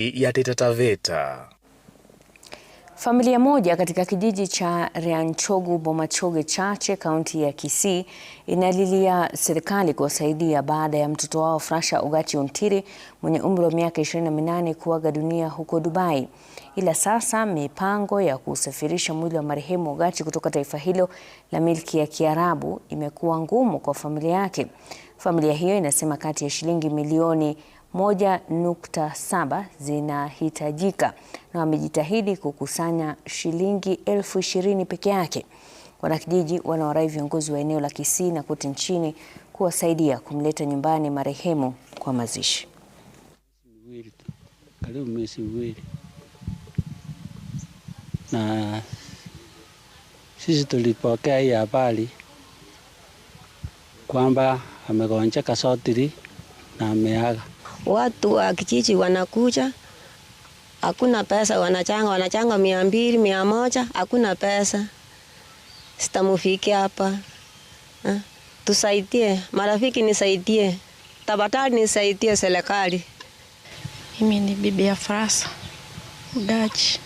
ya Taveta. Familia moja katika kijiji cha reanchogu Bomachoge Chache kaunti ya Kisii inalilia serikali kuwasaidia baada ya mtoto wao Frasha Ugachi Ontiri mwenye umri wa miaka 28 kuaga dunia huko Dubai. Ila sasa mipango ya kusafirisha mwili wa marehemu Ugachi kutoka taifa hilo la milki ya Kiarabu imekuwa ngumu kwa familia yake. Familia hiyo inasema kati ya shilingi milioni moja nukta saba zinahitajika na wamejitahidi kukusanya shilingi elfu ishirini peke yake. Wanakijiji wanawarai viongozi wa eneo la Kisii na kote nchini kuwasaidia kumleta nyumbani marehemu kwa mazishi. Karibu miezi miwili na sisi tulipokea hii habari kwamba amegonjeka sotiri na ameaga watu wa kijiji wanakuja, hakuna pesa, wanachanga wanachanga mia mbili mia moja, hakuna pesa, sitamufiki hapa ha? Eh, tusaidie marafiki, nisaidie tabatari nisaidie serikali. Mimi ni bibi ya Farasa mgaji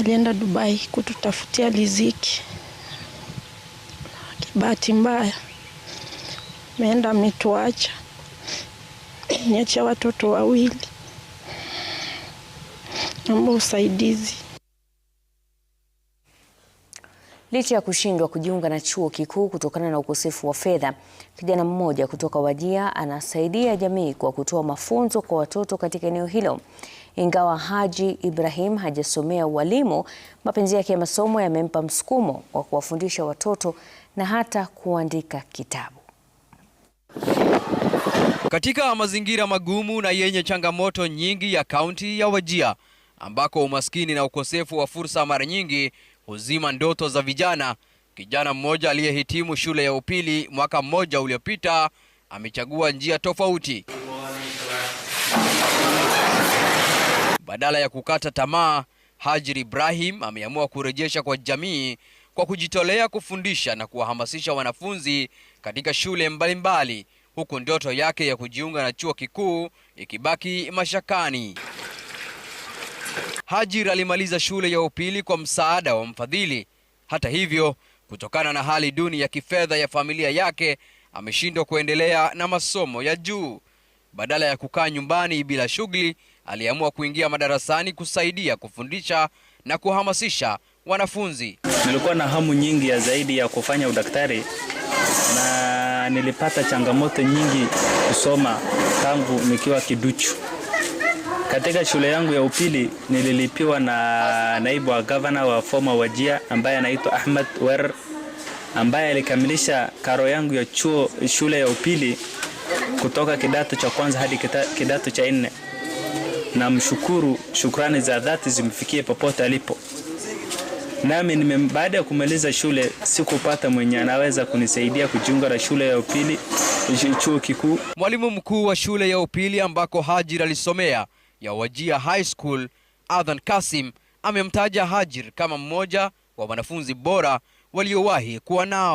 alienda Dubai kututafutia riziki. kibati mbaya meenda ametuacha niachia watoto wawili. Naomba usaidizi. Licha ya kushindwa kujiunga na chuo kikuu kutokana na ukosefu wa fedha, kijana mmoja kutoka Wajia anasaidia jamii kwa kutoa mafunzo kwa watoto katika eneo hilo. Ingawa Haji Ibrahim hajasomea ualimu, mapenzi yake ya masomo yamempa msukumo wa kuwafundisha watoto na hata kuandika kitabu. Katika mazingira magumu na yenye changamoto nyingi ya kaunti ya Wajia ambako umaskini na ukosefu wa fursa mara nyingi huzima ndoto za vijana, kijana mmoja aliyehitimu shule ya upili mwaka mmoja uliopita amechagua njia tofauti. Badala ya kukata tamaa, Hajir Ibrahim ameamua kurejesha kwa jamii kwa kujitolea kufundisha na kuwahamasisha wanafunzi katika shule mbalimbali mbali huku ndoto yake ya kujiunga na chuo kikuu ikibaki mashakani. Hajir alimaliza shule ya upili kwa msaada wa mfadhili. Hata hivyo, kutokana na hali duni ya kifedha ya familia yake, ameshindwa kuendelea na masomo ya juu. Badala ya kukaa nyumbani bila shughuli, aliamua kuingia madarasani kusaidia kufundisha na kuhamasisha wanafunzi. Nilikuwa na hamu nyingi ya zaidi ya kufanya udaktari na nilipata changamoto nyingi kusoma tangu nikiwa kiduchu. Katika shule yangu ya upili nililipiwa na naibu wa gavana wa Foma Wajia ambaye anaitwa Ahmed Wer ambaye alikamilisha karo yangu ya chuo, shule ya upili kutoka kidato cha kwanza hadi kidato cha nne. Namshukuru, shukrani za dhati zimfikie popote alipo. Nami nime baada ya kumaliza shule sikupata mwenye anaweza kunisaidia kujiunga na shule ya upili chuo kikuu. Mwalimu mkuu wa shule ya upili ambako Hajir alisomea ya Wajia High School, Adhan Kasim amemtaja Hajir kama mmoja wa wanafunzi bora waliowahi kuwa nao.